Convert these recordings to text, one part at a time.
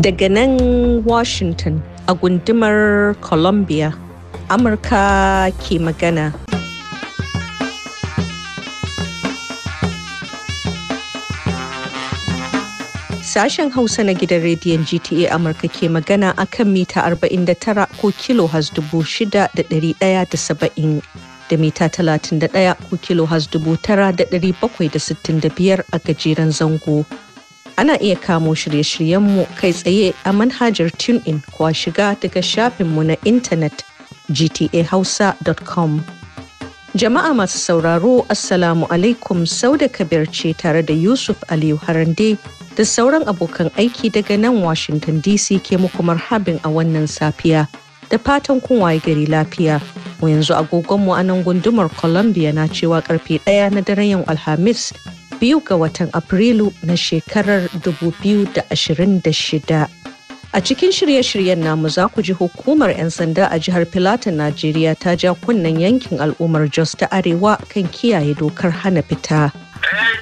Daga nan Washington a gundumar Columbia, Amurka ke magana. Sashen Hausa na gidan rediyon GTA Amurka ke magana a kan mita 49 ko kilo has 6,170. da mita 31 ko kilo has biyar a gajeren zango. Ana iya kamo shirye-shiryenmu kai tsaye a manhajar TuneIn kuwa shiga daga shafinmu na intanet gtahausa.com. Jama'a masu sauraro Assalamu alaikum sau da kabir ce tare da Yusuf Aliyu Harande da sauran abokan aiki daga nan Washington DC ke muku marhabin a wannan safiya. da fatan kun waye gari lafiya. Mu yanzu agogonmu a nan gundumar Columbia na cewa karfe ɗaya na daren yau Alhamis biyu ga watan Afrilu na shekarar 2026. A cikin shirye-shiryen namu za ku ji hukumar 'yan sanda a jihar Filatin Najeriya ta ja kunnen yankin al'ummar Jos ta Arewa kan kiyaye dokar hana fita.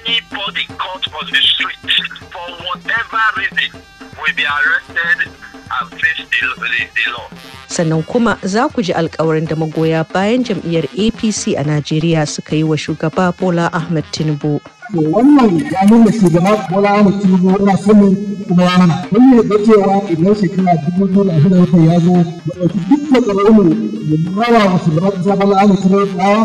Anybody caught on will be arrested and face the, the the law. sannan kuma za ku ji alkawarin da magoya bayan jam'iyyar apc a najeriya suka yi wa shugaba bola ahmed tinubu wannan ganin da shugaba bola ahmed tinubu yana sani kuma ya nuna. Wani ne da cewa idan shekara dubu biyu da ashirin da ya zo da ɗauki duk da ƙwararru da mara wa shugaba bola ahmed tinubu ɗaya.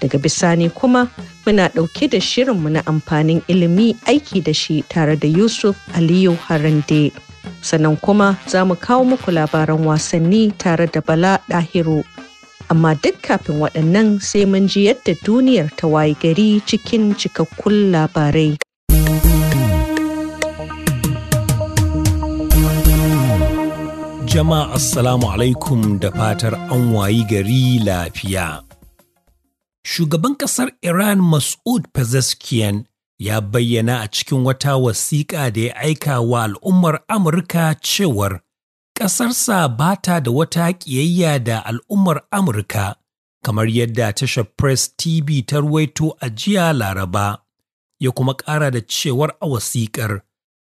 daga bisani kuma muna ɗauke da shirinmu na amfanin ilimi aiki da shi tare da Yusuf Aliyu Harande. Sannan kuma za mu kawo muku labaran wasanni tare da Bala Ɗahiru. Amma duk kafin waɗannan sai mun ji yadda duniyar ta waye gari cikin cikakkun labarai. Jama'a Assalamu alaikum da fatar an wayi gari lafiya. Shugaban ƙasar Iran Mas'ud Pezeshkian ya bayyana a cikin wata wasiƙa da ya aika wa al'ummar Amurka cewar ƙasarsa ba ta da wata ƙiyayya da al'ummar Amurka, kamar yadda tashar Press TV ta ruwaito a jiya Laraba, ya kuma ƙara da cewar a wasiƙar.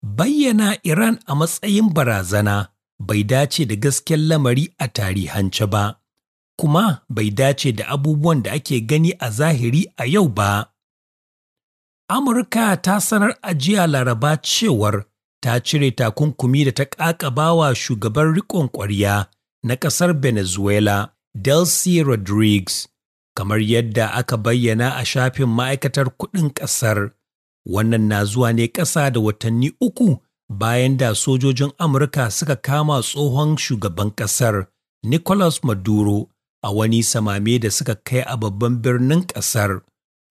Bayyana Iran a matsayin barazana bai dace da gasken lamari a tarihance ba. kuma bai dace da abubuwan da ake gani a zahiri a yau ba. Amurka ta sanar ajiya Laraba cewar ta cire takunkumi da ta ƙaƙabawa shugaban riƙon ƙwarya na ƙasar Venezuela, Delcy Rodriguez, kamar yadda aka bayyana a shafin ma'aikatar kuɗin ƙasar. Wannan na zuwa ne ƙasa da watanni uku bayan da sojojin Amurka suka kama tsohon shugaban ƙasar Nicolas Maduro a wani samame da suka kai a babban birnin ƙasar.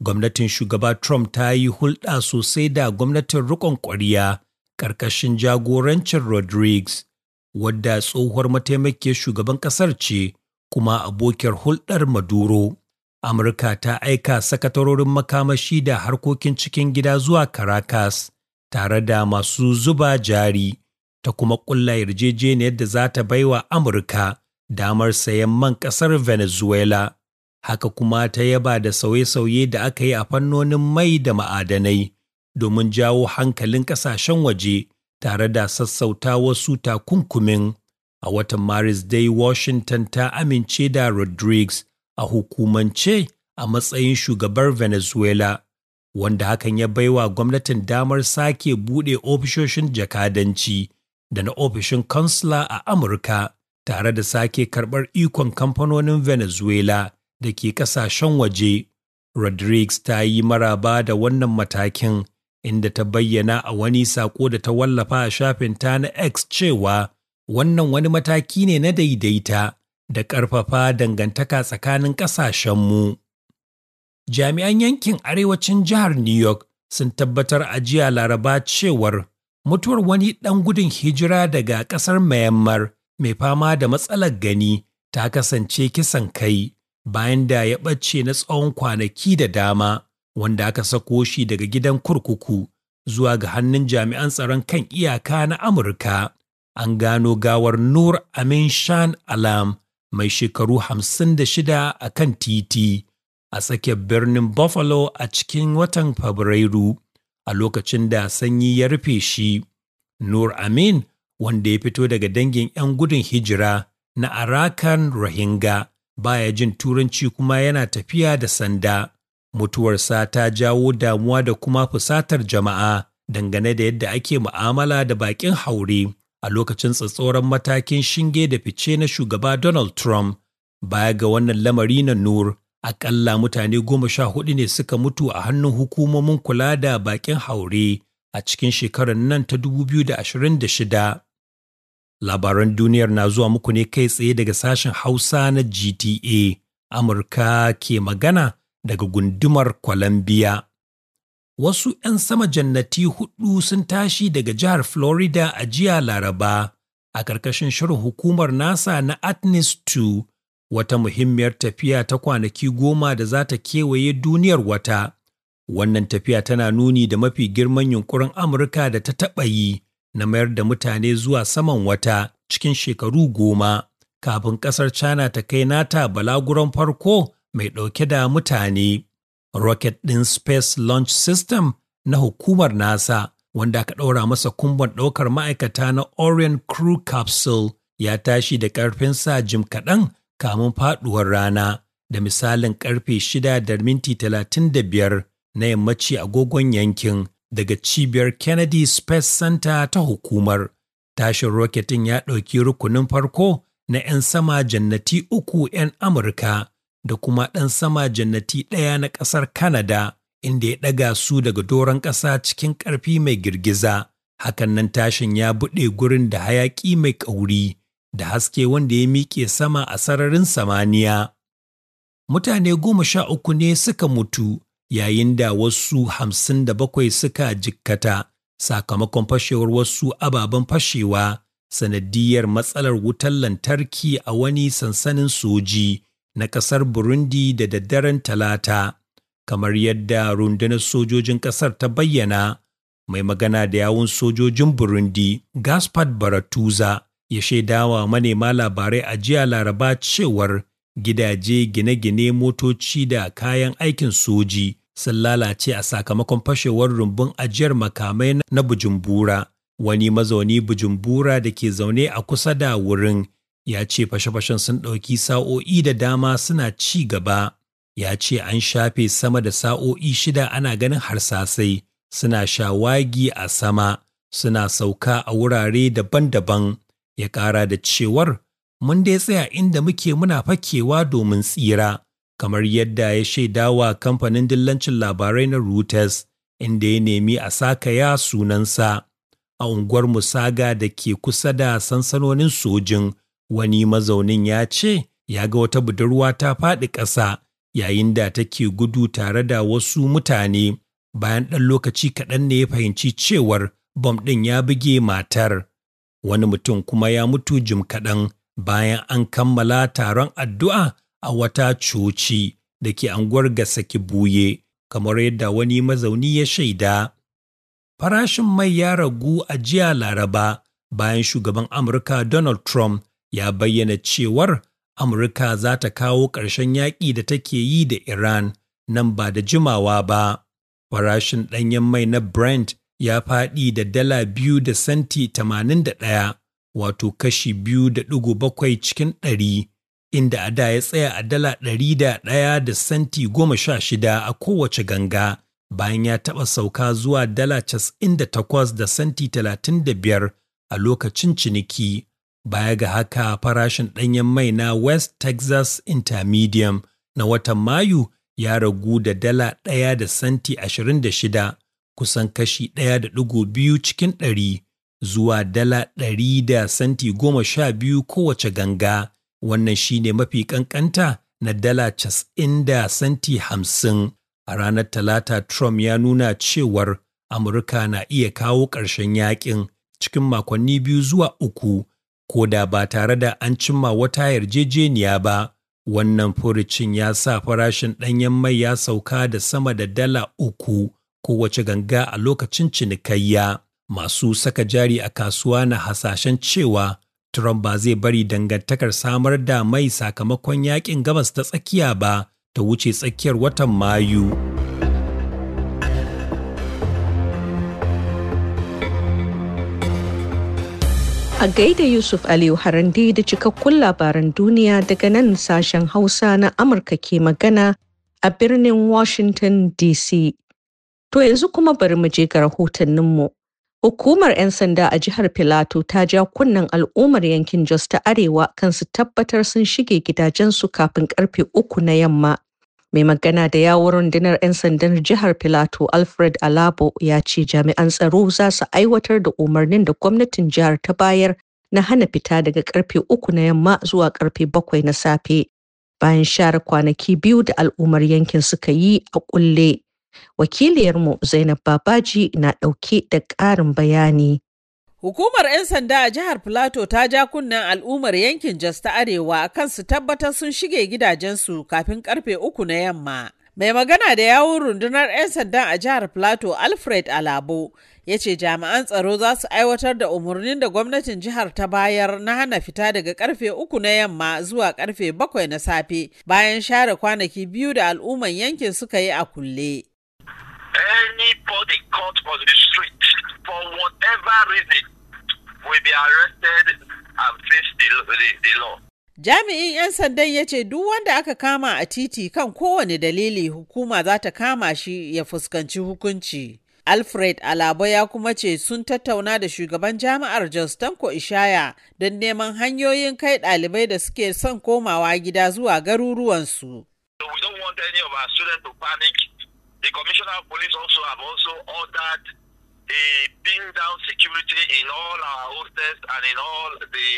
Gwamnatin shugaba Trump ta yi hulɗa sosai da gwamnatin riƙon ƙwariya ƙarƙashin jagorancin Rodriguez, wadda tsohuwar mataimakiyar shugaban ƙasar ce kuma abokiyar hulɗar Maduro. Amurka ta aika sakatarorin makamashi da harkokin cikin gida zuwa Caracas tare da masu zuba jari ta kuma ƙulla yarjejeniyar da za ta baiwa Amurka damar sayan man ƙasar Venezuela, haka kuma ta yaba da sauye-sauye da aka yi a fannonin mai da ma'adanai domin jawo hankalin ƙasashen waje tare da sassauta wasu takunkumin. A watan Maris dai Washington ta amince da Rodriguez a hukumance a matsayin shugabar Venezuela. wanda hakan ya baiwa gwamnatin damar sake buɗe ofishoshin jakadanci da na ofishin kansula a Amurka tare da sake karɓar ikon kamfanonin Venezuela da ke ƙasashen waje. Rodriguez ta yi maraba da wannan matakin inda ta bayyana a wani sako da ta wallafa a shafin ta na X cewa wannan wani mataki ne na daidaita da ƙarfafa dangantaka tsakanin ƙasashenmu. Jami'an yankin arewacin jihar New York sun tabbatar a laraba cewar mutuwar wani ɗan gudun hijira daga ƙasar Myanmar mai fama da matsalar gani ta kasance kisan kai bayan da ya ɓace na tsawon kwanaki da dama wanda aka sako shi daga gidan kurkuku zuwa ga hannun jami'an tsaron kan iyaka na Amurka. An gano gawar Nur Amin Shan Alam mai shekaru hamsin da shida a kan titi a tsakiyar birnin Buffalo a cikin watan Fabrairu a lokacin da sanyi ya rufe shi. Nur Amin wanda ya fito daga dangin 'yan gudun hijira na Arakan Rohingya baya jin turanci kuma yana tafiya da sanda. Mutuwarsa ta jawo damuwa da kuma fusatar jama'a dangane da yadda ake mu'amala da baƙin haure a lokacin tsatsoron matakin shinge da fice na shugaba Donald Trump. Baya ga wannan lamari na Nur, aƙalla mutane goma sha hudu ne suka mutu a hannun hukumomin kula da baƙin haure a cikin shekarar nan ta 2026. Labaran duniyar na zuwa muku ne kai tsaye daga sashen Hausa na GTA, Amurka ke magana daga gundumar Columbia. Wasu ‘yan sama jannati hudu sun tashi daga jihar Florida a jiya Laraba, a ƙarƙashin shirin hukumar NASA na Atnis 2, wata muhimmiyar tafiya ta kwanaki goma da za ta kewaye duniyar wata. Wannan tafiya tana nuni da mafi girman yunkurin Amurka da ta taɓa yi. na mayar da mutane zuwa saman wata cikin shekaru goma kafin ƙasar China ta kai nata balaguron farko mai ɗauke da mutane. Rocket ɗin Space Launch System na hukumar NASA wanda aka ɗaura masa kumban ɗaukar ma'aikata na Orion Crew Capsule ya tashi da ƙarfin sa jim kaɗan kamun faɗuwar rana da misalin ƙarfe shida da minti talatin da biyar na yammaci agogon yankin daga cibiyar Kennedy Space Center ta hukumar. Tashin roketin ya ɗauki rukunin farko na 'yan sama jannati uku 'yan Amurka da kuma ɗan sama jannati ɗaya na ƙasar Canada, inda ya ɗaga su daga doron ƙasa cikin ƙarfi mai girgiza. Hakan nan tashin ya buɗe gurin da hayaƙi mai ƙauri da haske wanda ya miƙe sama a sararin samaniya. Mutane goma sha uku ne suka mutu yayin da wasu hamsin da bakwai suka jikkata sakamakon fashewar wasu ababen fashewa sanadiyar matsalar wutar lantarki a wani sansanin soji na ƙasar Burundi da daddaren talata, kamar yadda rundunar sojojin ƙasar ta bayyana mai magana da yawun sojojin Burundi Gaspard Baratuza ya shaidawa manema labarai a jiya laraba cewar gidaje gine-gine motoci da kayan aikin soji sun lalace a sakamakon fashewar rumbun ajiyar makamai na Bujumbura. Wani mazauni Bujumbura da ke zaune a kusa da wurin ya ce fashe-fashen sun ɗauki sa'o'i da dama suna ci gaba. Ya ce an shafe sama da sa'o'i shida ana ganin harsasai suna shawagi a sama suna sauka a wurare daban-daban ya ƙara da cewar mun dai tsaya inda muke muna fakewa domin tsira. kamar yadda ya shaida wa kamfanin dillancin labarai na Reuters inda ya nemi a sakaya sunansa a unguwar Musaga da ke kusa da sansanonin sojin wani mazaunin ya ce ya ga wata budurwa ta faɗi ƙasa yayin da take gudu tare da wasu mutane bayan ɗan lokaci kaɗan ne ya fahimci cewar bom ɗin ya buge matar wani mutum kuma ya mutu jim kaɗan bayan an kammala taron addu'a a wata coci da ke anguwar saki Buye, kamar yadda wani mazauni ya shaida. Farashin mai ya ragu a jiya Laraba bayan shugaban Amurka Donald Trump ya bayyana cewar Amurka za ta kawo ƙarshen yaƙi da take yi da Iran nan ba da jimawa ba. Farashin ɗanyen mai na Brent ya faɗi da dala biyu da senti tamanin da ɗaya, wato kashi biyu da ɗigo bakwai cikin ɗari inda a da ya tsaya a dala ɗari da ɗaya da senti goma sha shida a kowace ganga bayan ya taɓa sauka zuwa dala casa'in da takwas da senti talatin da biyar a lokacin ciniki. Baya ga haka farashin ɗanyen mai na West Texas Intermediate na watan Mayu ya ragu da dala ɗaya da senti ashirin da shida kusan kashi ɗaya da ɗigo biyu cikin ɗari zuwa dala ɗari da senti goma sha biyu kowace ganga. wannan shi ne mafi kankanta na dala casa'in da santi hamsin. A ranar Talata, Trump ya nuna cewar Amurka na iya kawo ƙarshen yakin cikin makonni biyu zuwa uku, ko da ba tare da an cimma wata yarjejeniya ba. Wannan furicin ya sa farashin ɗanyen mai ya sauka da sama da dala uku kowace ganga a lokacin cinikayya. Masu saka jari a kasuwa na hasashen cewa Trump ba zai bari dangantakar samar da mai sakamakon yakin gabas ta tsakiya ba ta wuce tsakiyar watan Mayu. A gaida Yusuf Aliyu Harande da cikakkun labaran duniya daga nan sashen Hausa na Amurka ke magana a birnin Washington DC. To yanzu kuma bari mu je ga rahotanninmu. Hukumar 'yan sanda a jihar Filato ta ja kunnen al'ummar yankin Jos ta Arewa kan su tabbatar sun shige gidajensu kafin karfe uku na yamma. Mai magana da yawon rundunar 'yan sandan jihar Filato Alfred Alabo ya ce jami'an tsaro za su aiwatar da umarnin da gwamnatin jihar ta bayar na hana fita daga karfe uku na yamma zuwa karfe bakwai na safe. Bayan share kwanaki biyu da al'ummar yankin suka yi a kulle. Wakiliyarmu Zainab Babaji na ɗauke da ƙarin bayani. Hukumar 'yan sanda a jihar plateau ta ja kunnen al'ummar yankin Jos ta Arewa kan su tabbatar sun shige gidajensu kafin karfe uku na yamma. Mai magana da yawun rundunar 'yan sanda a jihar plateau Alfred Alabo ya ce jami'an tsaro za su aiwatar da umarnin da gwamnatin jihar ta bayar na hana fita daga karfe uku na yamma zuwa karfe bakwai na safe bayan share kwanaki biyu da al'umman yankin suka yi a kulle. anybody caught on the street for whatever reason be arrested and face Jami'in 'yan sandan ya ce duk wanda aka kama a titi kan kowane dalili hukuma za ta kama shi ya fuskanci hukunci. Alfred Alaba ya kuma ce sun tattauna da shugaban jami'ar Jos Tanko Ishaya don neman hanyoyin kai ɗalibai da suke son komawa gida zuwa garuruwansu. So we don't want any of our students to panic. The Commissioner of Police also have also ordered a pin down security in all our hostels and in all the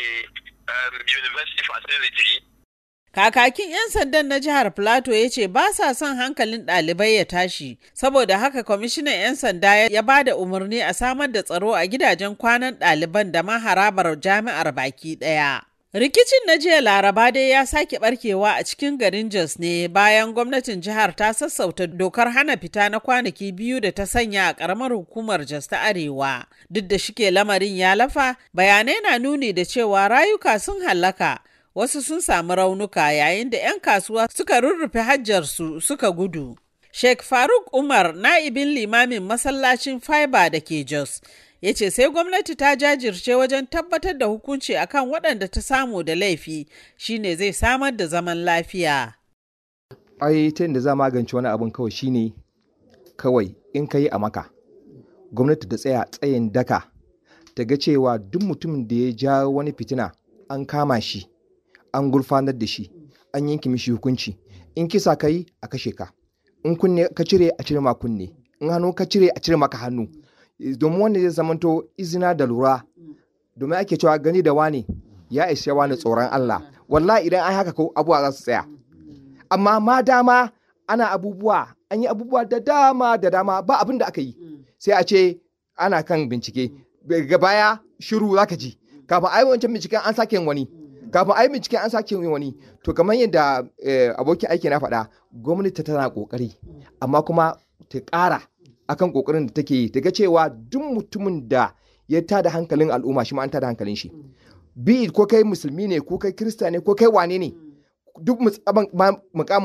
um, university facility. Kakakin 'yan sandan na jihar Plateau ya ce ba sa son hankalin ɗalibai ya tashi, saboda haka kwamishinan 'yan sanda ya ba da umarni a samar da tsaro a gidajen kwanan ɗaliban da ma harabar jami'ar baki ɗaya. Rikicin na jiya Laraba dai ya sake barkewa a cikin garin Jos ne bayan gwamnatin jihar ta sassauta dokar hana fita na kwanaki biyu da ta sanya a karamar hukumar Jos ta Arewa. Duk da shike lamarin ya lafa, bayanai na nuni da cewa rayuka sun hallaka. Wasu sun samu raunuka yayin da 'yan kasuwa suka rurrufe hajjarsu suka gudu. Sheikh Faruk Umar na'ibin limamin masallacin Fiber da ke Jos ya ce sai gwamnati ta jajirce wajen tabbatar da hukunci akan waɗanda ta samu da laifi shine zai samar da zaman lafiya. ai ta yadda za magance wani abin kawai shine kawai in ka yi a maka gwamnati ta tsaya tsayin daka ta ga cewa duk mutumin da ya ja wani fitina an kama shi an gurfanar da shi an yanke mishi hukunci in kisa ka yi a kashe ka in kunne ka cire a cire ma kunne in hannu ka cire a cire maka hannu Eh, domin wanda zai zamanto izina da lura domin ake cewa gani da wani ya ishe wani tsoron Allah wallahi idan an haka ko abubuwa za su tsaya amma ma dama ana abubuwa an yi abubuwa da dama da dama ba abin da aka yi sai a ce ana kan bincike ga baya shiru za ka ji kafin a yi wancan binciken an sake wani kafin a yi binciken an sake wani to kamar yadda eh, abokin aiki na faɗa gwamnati tana ƙoƙari amma kuma ta ƙara akan kokarin da take yi daga cewa duk mutumin da ya tada hankalin al'umma shi ma an tada hankalin shi hmm. bi ko kai musulmi ne ko kai kirista ne ko kai wane ne hmm. duk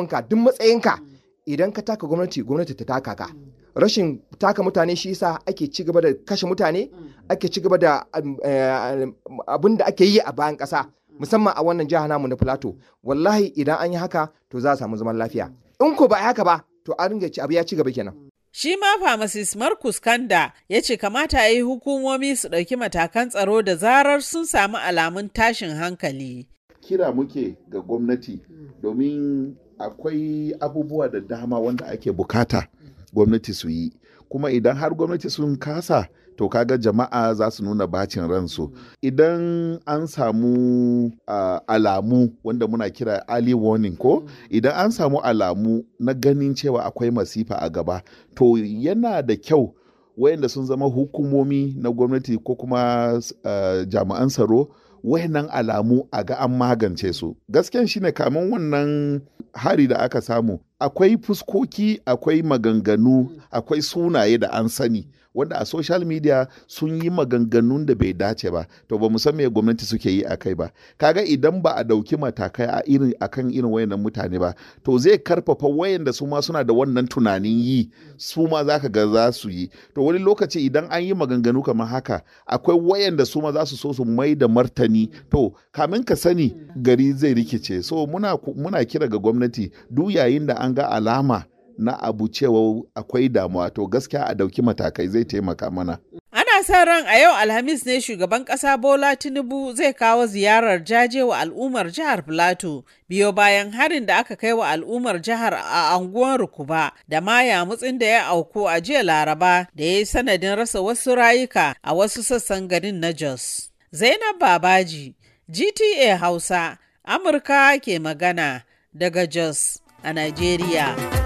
ka duk matsayinka hmm. idan ka taka gwamnati gwamnati ta taka ka rashin taka mutane shi yasa ake ci gaba da kashe mutane ake ci gaba da eh, abin da ake yi a bayan kasa musamman a wannan jiha namu na Filato wallahi idan an yi haka to za a samu zaman lafiya in ko ba a yi haka ba to an ci abu ya ci gaba kenan Shi ma Pharmacist Marcus Kanda ya ce kamata ya yi hukumomi su ɗauki matakan tsaro da zarar sun samu alamun tashin hankali. Kira muke ga gwamnati domin akwai abubuwa da dama wanda ake bukata gwamnati su yi. Kuma idan har gwamnati sun kasa to kaga jama'a za su nuna bacin ransu idan an samu uh, alamu wanda muna kira early warning ko mm. idan an samu alamu na ganin cewa akwai masifa a gaba to yana da kyau wayanda sun zama hukumomi na gwamnati ko kuma uh, jami'an tsaro wayannan alamu a ga an magance su gasken shine kamin wannan hari da aka samu akwai fuskoki akwai maganganu mm. akwai sunaye da an sani wanda a social media sun yi maganganun da bai dace ba to ba san me gwamnati suke yi akai ba kaga idan ba a ɗauki matakai a irin akan irin wayannan mutane ba to zai karfafa wayanda su ma suna da wannan tunanin yi su ma zaka ga za su yi to wani lokaci idan an yi maganganu kamar haka akwai wayanda su ma za su so su mai da martani to kamin ka sani gari zai rikice so muna muna kira ga gwamnati duk yayin da an ga alama na abu cewa akwai damuwa to gaskiya a dauki matakai zai taimaka mana. Ana sa ran a yau Alhamis ne shugaban kasa Bola Tinubu zai kawo ziyarar jaje wa al'ummar jihar Filato biyo bayan harin da aka kai wa al'ummar jihar a anguwar Rukuba da ma yamutsin da ya auku a jiya Laraba da ya yi sanadin rasa wasu rayuka a wasu sassan garin na Jos. Zainab Babaji, GTA Hausa, Amurka ke magana daga Jos a Najeriya.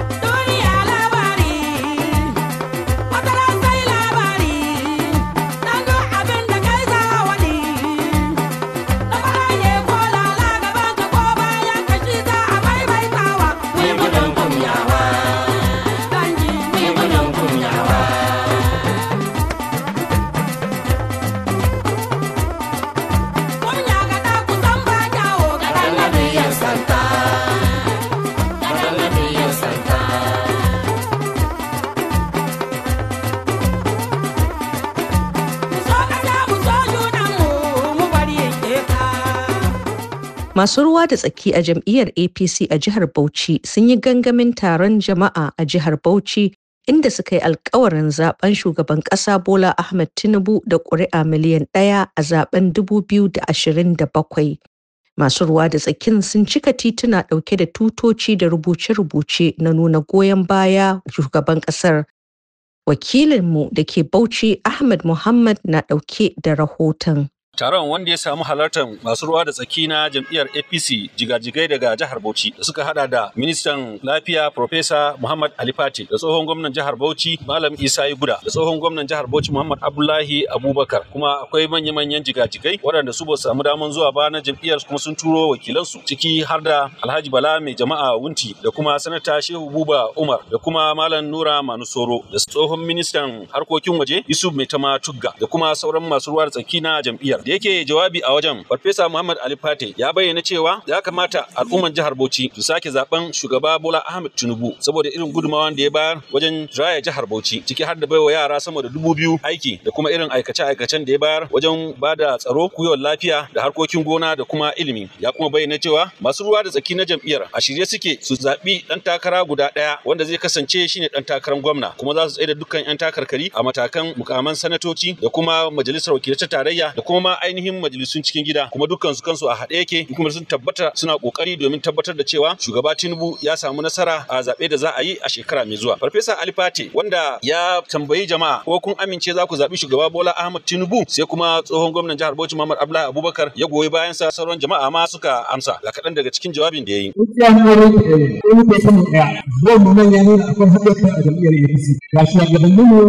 Masu ruwa da tsaki a jam'iyyar APC a jihar Bauchi sun yi gangamin taron jama'a a jihar Bauchi inda suka yi alkawarin zaben shugaban ƙasa Bola Ahmed Tinubu da ƙuri'a miliyan ɗaya a zaben 2027. Masu ruwa da tsakin sun cika tituna ɗauke da tutoci da rubuce-rubuce na nuna goyon baya shugaban ƙasar. Wakilinmu da ke Bauchi Ahmed Muhammad na ɗauke da rahoton. Taron wanda ya samu halartar masu ruwa da tsaki na jam'iyyar APC jigajigai daga jihar Bauchi da suka hada da ministan lafiya Profesa Muhammad Ali Fati da tsohon gwamnan jihar Bauchi Malam Isa Guda da tsohon gwamnan jihar Bauchi Muhammad Abdullahi Abubakar kuma akwai manya-manyan jigajigai waɗanda su ba samu daman zuwa ba na jam'iyyar kuma sun turo wakilansu ciki har da Alhaji Bala mai jama'a Wunti da kuma sanata Shehu Buba Umar da kuma Malam Nura Manusoro da tsohon ministan harkokin waje Yusuf Maitama Tugga da kuma sauran masu ruwa da tsaki na jam'iyyar da yake jawabi a wajen farfesa muhammad ali fate ya bayyana cewa ya kamata al'umman jihar bauchi su sake zaben shugaba bola ahmed tinubu saboda irin gudunmawar da ya bayar wajen raya jihar bauchi ciki har da baiwa yara sama da dubu biyu aiki da kuma irin aikace-aikacen da ya bayar wajen ba da tsaro kuyon lafiya da harkokin gona da kuma ilimi ya kuma bayyana cewa masu ruwa da tsaki na jam'iyyar a shirye suke su zabi ɗan takara guda ɗaya wanda zai kasance shine ɗan takarar gwamna kuma za su tsaye da dukkan 'yan takarkari a matakan mukaman sanatoci da kuma majalisar wakilai ta tarayya da kuma ainihin majalisun cikin gida kuma dukkan su kansu a haɗe yake kuma sun tabbata suna kokari domin tabbatar da cewa shugaba Tinubu ya samu nasara a zaɓe da za a yi a shekara mai zuwa. Farfesa Ali Fati wanda ya tambayi jama'a ko kun amince za ku zaɓi shugaba Bola ahmad Tinubu sai kuma tsohon gwamnan jihar Bauchi Muhammad Abdullahi Abubakar ya goyi bayan sa sauran jama'a ma suka amsa ga kaɗan daga cikin jawabin da ya yi. gabanin mu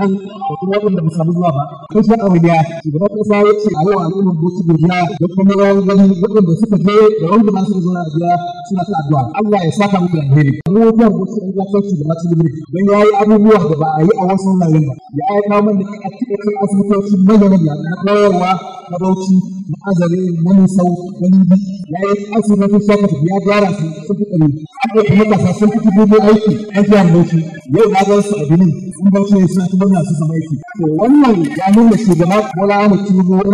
a da kuma wanda ba samu zuwa ba. Kun ya abu da shugaban ƙasa ya ce ce a yau al'umma musu godiya da kuma gani waɗanda suka je da wanda ma suka a gida suna ta addu'a Allah ya saka mu da alheri mu wannan an zaka shi da dan yayi abubuwa da ba a yi a wasu wuraren ba ya aika mana a cikin asibitoci magana na koyarwa na bauchi na azare na na libi ya yi asibitocin shaka ya gyara su sun fi ɗari sun fi dubu aiki an fi bauchi yau na gan su a binin sun bauchi ne suna ta su sama aiki to wannan ya nuna shugaba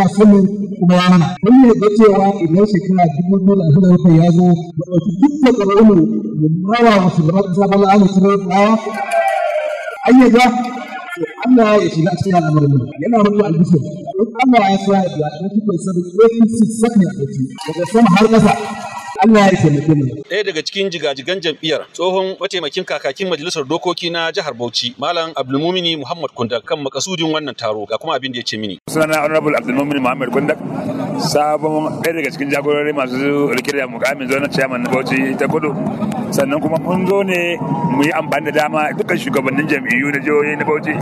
yana sani kuma ya mana wani ne cewa idan shekara dubu biyu da ashirin da bakwai ya zo da ɗauki duk da ƙararmu mu mawa wa shugaban ƙasa bala ali tinubu baya an yi ga Allah ya shiga a cikin al'amarin mu yana rubuta albishir in Allah ya sa ya ɗauki kwanciyar APC sakin a ɗauki daga sama har ƙasa Allah ya taimake mu. Ɗaya daga cikin jigajigan jam'iyyar tsohon mataimakin kakakin majalisar dokoki na jihar Bauchi Malam Abdulmumini Muhammad Kundak kan makasudin wannan taro ga kuma abin da ya ce mini. Sunana Honorable Abdulmumini Muhammad Kundak sabon ɗaya daga cikin jagorori masu rike da mukamin zonar chairman na Bauchi ta kudu sannan kuma mun zo ne mu yi amfani da dama dukkan shugabannin jam'iyyu na jihohi na Bauchi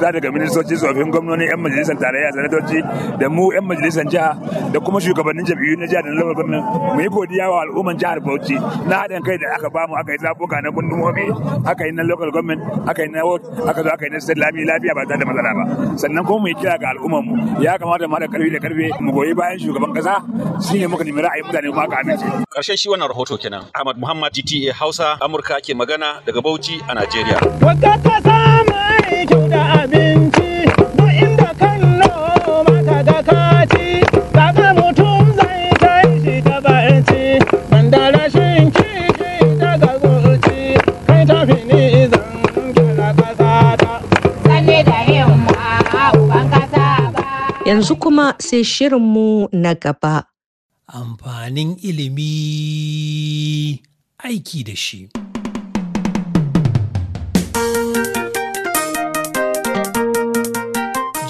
ta daga ministoci tsofin gwamnoni yan majalisar tarayya sanatoci da mu yan majalisar jiha da kuma shugabannin jam'iyyu na jiha da na lafafin mu yi godiya wa wa al'umman jihar Bauchi na haɗin kai da aka bamu aka yi zaɓuka na gundumomi aka yi na local government aka yi na wot aka zo aka yi na state lami lafiya ba tare da matsala ba sannan kuma mu yi kira ga al'umman mu ya kamata mu haɗa karfi da karfe mu goyi bayan shugaban ƙasa ne muka nemi ra'ayin mutane kuma aka amince. Ƙarshen shi wannan rahoto kenan Ahmad Muhammad GTA Hausa Amurka ke magana daga Bauchi a Najeriya. Wata ta Yanzu kuma sai shirin mu na gaba. Amfanin ilimi aiki da shi.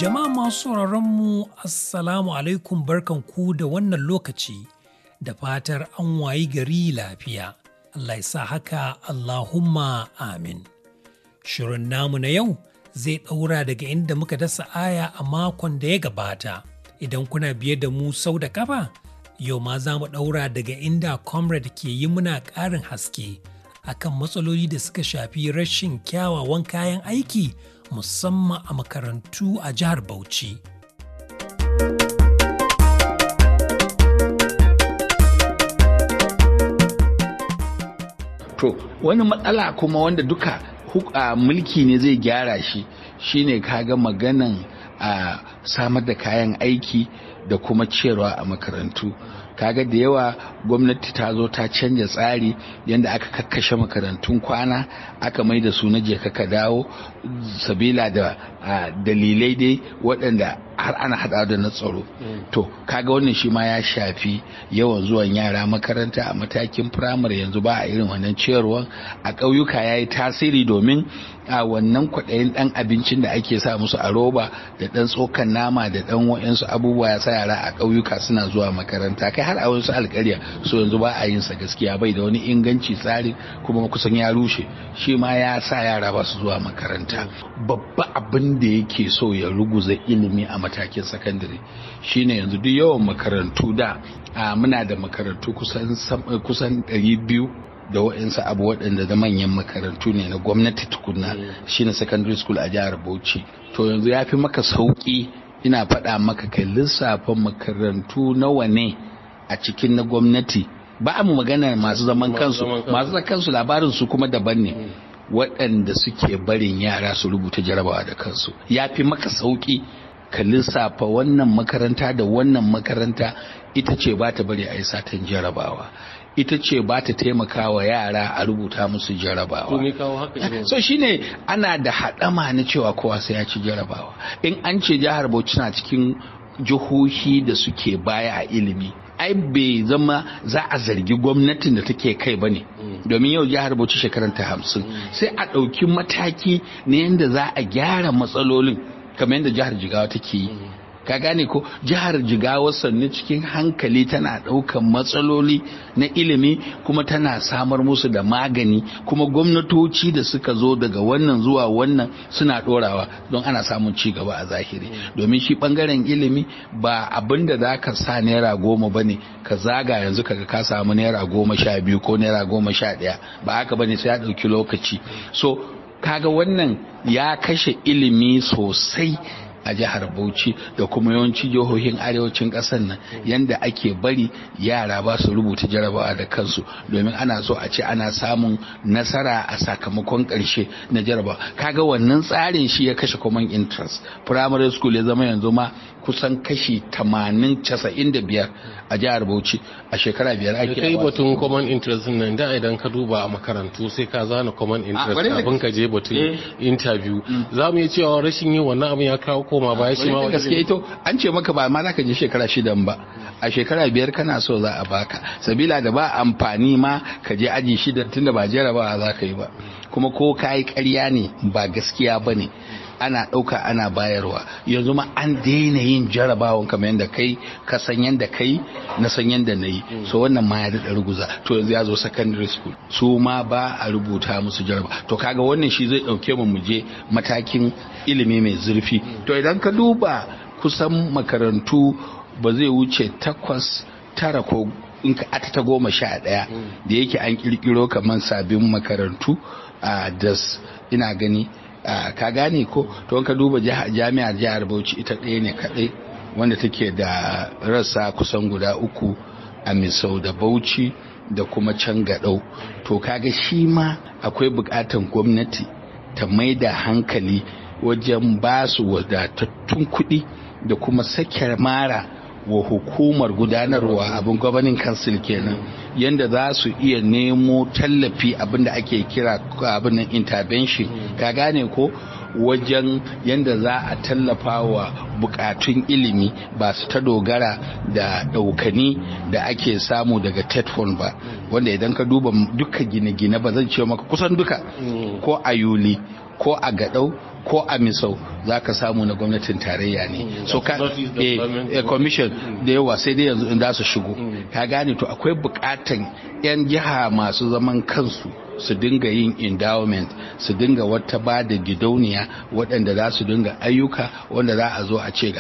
Jama'a masu mu Assalamu alaikum barkan ku da wannan lokaci da fatar an wayi gari lafiya. Allah ya sa haka Allahumma amin. Shirin namu na yau zai ɗaura daga inda muka dasa aya a makon da ya gabata. Idan kuna biye da mu sau da kafa, yau ma za mu ɗaura daga inda comrade ke yi muna ƙarin haske akan matsaloli da suka shafi rashin kyawawan kayan aiki musamman a makarantu a jihar Bauchi. wani matsala kuma wanda duka mulki ne zai gyara shi shine kaga maganan a samar da kayan aiki da kuma ciyarwa a makarantu kaga da yawa gwamnati ta zo ta canja tsari yadda aka kakkashe makarantun kwana aka mai da su na je ka dawo sabila da dalilai dai waɗanda har ana haɗa da na tsaro mm. to kaga wannan shi ma ya shafi yawan zuwan yara makaranta a matakin firamare yanzu ba a irin wannan ciyarwa a ƙauyuka ya yi tasiri domin a wannan kwaɗayin ɗan abincin da ake sa musu a roba da ɗan tsokan nama da ɗan wa'insu abubuwa ya sa yara a ƙauyuka suna zuwa makaranta kai har a wasu alƙarya so yanzu ba a yin sa gaskiya bai da wani inganci tsari kuma kusan ya rushe shi ma ya sa yara ba su zuwa makaranta babba abin da yake so ya ruguza ilimi a matakin sakandare shine yanzu duk yawan makarantu da muna da makarantu kusan kusan 200 da wa'insa abu waɗanda da manyan makarantu ne na gwamnati tukunna mm. shine secondary school a jihar bauchi to yanzu ya fi maka sauƙi ina faɗa maka kai lissafin makarantu nawa ne a cikin na gwamnati ba mu magana masu zaman kansu masu zaman kansu labarin su kuma daban ne waɗanda suke barin yara su rubuta jarabawa da kansu ya fi maka sauƙi ka lissafa wannan makaranta da wannan makaranta ita ce ba ta bari a yi satan jarabawa ita ce ba ta taimaka wa yara a rubuta musu jarabawa so shine ana da haɗama na cewa kowa sai ya ci jarabawa in an ce jihar bauchi na cikin jihohi da suke baya a ilimi ai bai zama za a zargi gwamnatin da take kai ba ne domin yau jihar bauchi shekarar ta hamsin sai a ɗauki mataki na yadda za a gyara matsalolin kamar yadda jihar jigawa take yi ka gane ko jihar jigawa sannu cikin hankali tana ɗaukan matsaloli na ilimi kuma tana samar musu da magani kuma gwamnatoci da suka zo daga wannan zuwa wannan suna ɗorawa don ana samun ci gaba a zahiri domin shi ɓangaren ilimi ba abin da za ka sa naira goma ba ne ka zaga yanzu kaga ka samu naira goma sha biyu ko naira goma sha ɗaya ba haka ba ne sai ya ɗauki lokaci so kaga wannan ya kashe ilimi sosai a jihar Bauchi da kuma yawanci jihohin arewacin kasar nan yanda ake bari yara ba su rubuta jarabawa da kansu domin ana so a ce ana samun nasara a sakamakon ƙarshe na jarabawa kaga wannan tsarin shi ya kashe common interest primary school ya zama yanzu ma kusan kashi 80-95 a jihar Bauchi a shekara biyar ake kai batun common interest nan da idan ka duba a makarantu sai ka zana common ah, interest abin ka je batun eh. interview mm. za mu iya cewa rashin yin wannan abin ya kawo koma baya shi ma gaske ito an ce maka ba ma zaka je shekara shida ba a shekara biyar kana so za a baka sabila da ba amfani ma ka je aji shida tunda ba jarabawa za ka yi ba kuma ko ka yi ƙarya ne ba gaskiya ba ne ana ɗauka ana bayarwa yanzu ma an daina yin jarabawan kamar yadda kai ka san yadda kai na san yadda na yi so wannan ma ya daɗa ruguza to yanzu ya zo secondary school su ma ba a rubuta musu jaraba to kaga wannan shi zai ɗauke mu mu je matakin ilimi mai zurfi to idan ka duba kusan makarantu ba zai wuce takwas tara ko in ka ata ta goma sha ɗaya da yake an kirkiro kamar sabbin makarantu a ah, das ina gani ka gane ko to ka duba jami'ar jihar bauchi ita ɗaya ne kaɗai wanda take da rassa kusan guda uku a misau da bauchi da kuma can gaɗau to kaga shi ma akwai buƙatan gwamnati ta mai da hankali wajen ba su wadatattun kuɗi da kuma saka mara wa hukumar gudanarwa abin governing council kenan yadda za su iya nemo tallafi abin da ake kira abin intervention ka gane ko wajen yadda za a tallafa wa bukatun ilimi ba su ta dogara da daukani da ake samu daga tetfon ba wanda idan ka duba duka gine-gine ba zan ce maka kusan duka mm. ko a yuli ko a gaɗau. ko a misau za ka samu na gwamnatin tarayya ne mm, so ka a eh, eh, commission mm. da yawa sai dai yanzu in za su shigo mm. ka gane to akwai bukatan 'yan jiha masu zaman kansu su dinga yin endowment su dinga wata ba da gidauniya waɗanda za su dinga ayyuka wanda za a zo a ce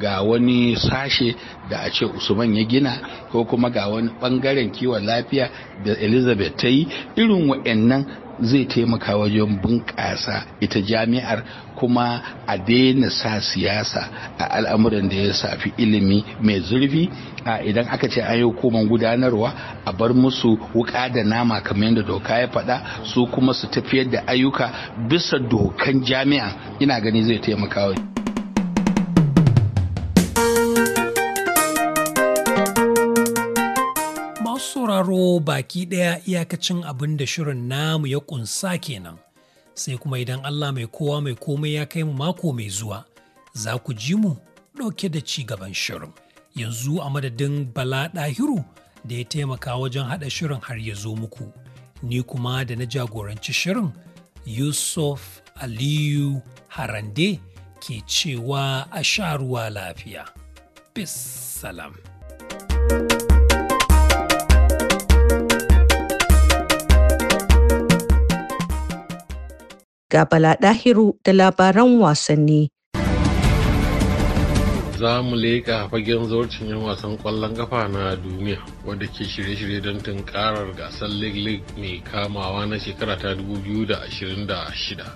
ga wani sashe da a ce usman ya gina ko kuma ga wani ɓangaren kiwon lafiya da elizabeth ta yi irin waɗannan zai taimaka wajen bunƙasa ita jami'ar kuma a daina sa siyasa a al'amuran da ya safi ilimi mai zurfi a idan aka ce an yi hukumar gudanarwa a bar musu wuƙa da nama kamar yadda doka ya faɗa su kuma su tafiyar da ayyuka bisa dokan jami'a ina gani zai taimaka sauraro baki ɗaya iyakacin abin da shirin namu ya ƙunsa kenan. Sai kuma idan Allah mai kowa mai komai ya kai mu mako mai zuwa, za ku ji mu ɗauke da ci gaban shirin. Yanzu a madadin Bala Ɗahiru da ya taimaka wajen haɗa shirin har ya zo muku. Ni kuma da na jagoranci shirin Yusuf Aliyu Harande ke cewa a sha ruwa lafiya. Peace, salam. ga Bala Dahiru da labaran wasanni. za mu leƙa fagen zorcin yan wasan ƙwallon ƙafa na duniya wadda ke shirye-shirye don tunkarar gasar league league mai kamawa na shekara ta 2026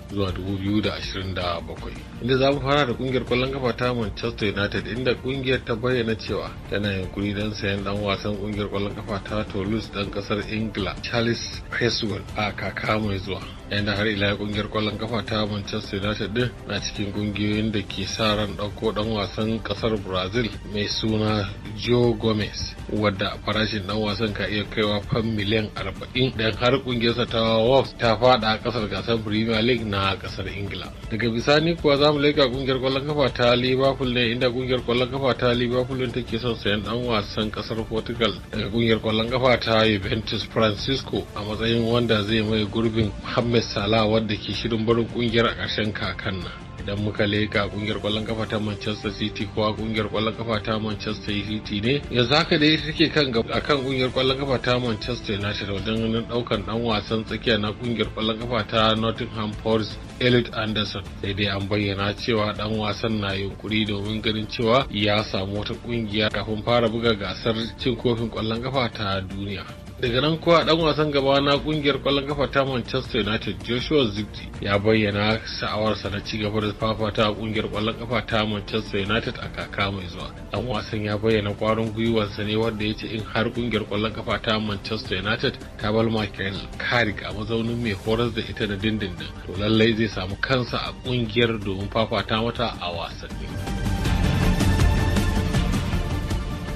zuwa 2027 inda za mu fara da ƙungiyar ƙwallon ƙafa ta manchester united inda ƙungiyar ta bayyana cewa tana yunkuri don sayan ɗan wasan ƙungiyar ƙwallon kafa ta toulouse ɗan ƙasar ingila charles Creswell a kaka mai zuwa yana har ila kungiyar kwallon kafa ta manchester united din na cikin kungiyoyin da ke sa ran dauko dan wasan kasar brazil mai suna joe gomez wadda farashin dan wasan ka iya kaiwa fan miliyan 40 dan har kungiyarsa ta wolves ta fada a kasar gasar premier league na kasar ingila daga bisani kuwa za mu laika kungiyar kwallon kafa ta liverpool ne inda kungiyar kwallon kafa ta liverpool din take son sayan dan wasan kasar portugal daga kungiyar kwallon kafa ta juventus francisco a matsayin wanda zai mai gurbin muhammad Ahmed Salah wadda ke shirin barin kungiyar a ƙarshen kakan nan. Idan muka leƙa kungiyar kwallon kafa ta Manchester City kuwa kungiyar ƙwallon kafa ta Manchester City ne. Yanzu haka dai take kan akan kungiyar ƙwallon kafa ta Manchester United wajen ganin ɗaukan ɗan wasan tsakiya na kungiyar kwallon kafa ta Nottingham Forest Elliot Anderson. Sai dai an bayyana cewa dan wasan na yunkuri domin ganin cewa ya samu wata kungiya kafin fara buga gasar cin kofin ƙwallon kafa ta duniya. daga nan kuwa dan wasan gaba na kungiyar kwallon kafa ta manchester united joshua zibzi ya bayyana sa'awarsa na ci gaba da fafata a kungiyar kwallon kafa ta manchester united a kaka mai zuwa dan wasan ya bayyana kwarin gwiwarsa ne wanda ya ce in har kungiyar kwallon kafa ta manchester united ta bar michael carrick a mazaunin mai horas da ita da dindindin to lallai zai samu kansa a kungiyar domin fafata mata a wasanni.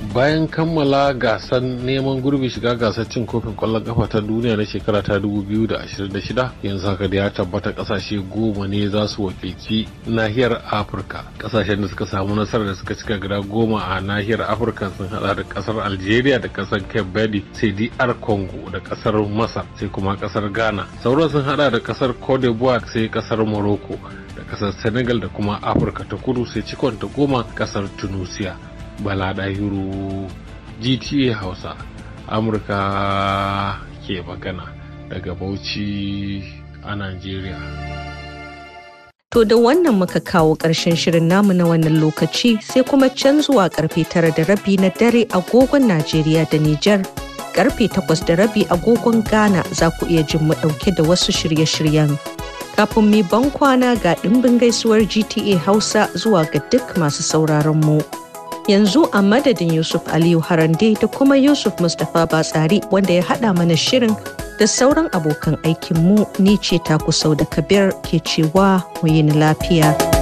bayan kammala gasar neman gurbi shiga gasar cin kofin kwallon kafa ta duniya na shekara ta 2026 yanzu haka da ya tabbata kasashe goma ne za su wakilci nahiyar afirka kasashen da suka samu nasarar da suka cika gida goma a nahiyar afirka sun hada da kasar algeria da kasar cape verde sai dr congo da kasar masar sai kuma kasar ghana sauran sun hada da kasar cote d'ivoire sai kasar morocco da kasar senegal da kuma afirka ta kudu sai cikon ta goma kasar tunisia bala ɗahiru gta hausa amurka ke magana daga bauchi a nigeria To da wannan muka kawo ƙarshen shirin namu na wannan lokaci sai kuma can zuwa karfe tara da rabi na dare agogon Najeriya da Nijar. Karfe takwas da rabi agogon Ghana za ku iya jin mu ɗauke da wasu shirye-shiryen. Kafin mu ban kwana ga ɗimbin gaisuwar GTA Hausa zuwa ga duk masu sauraron mu. yanzu a madadin Yusuf Aliyu Harande da kuma Yusuf Mustapha Batsari wanda ya haɗa mana shirin da sauran abokan aikinmu ni ce taku sau da kabir ke cewa mu yi lafiya.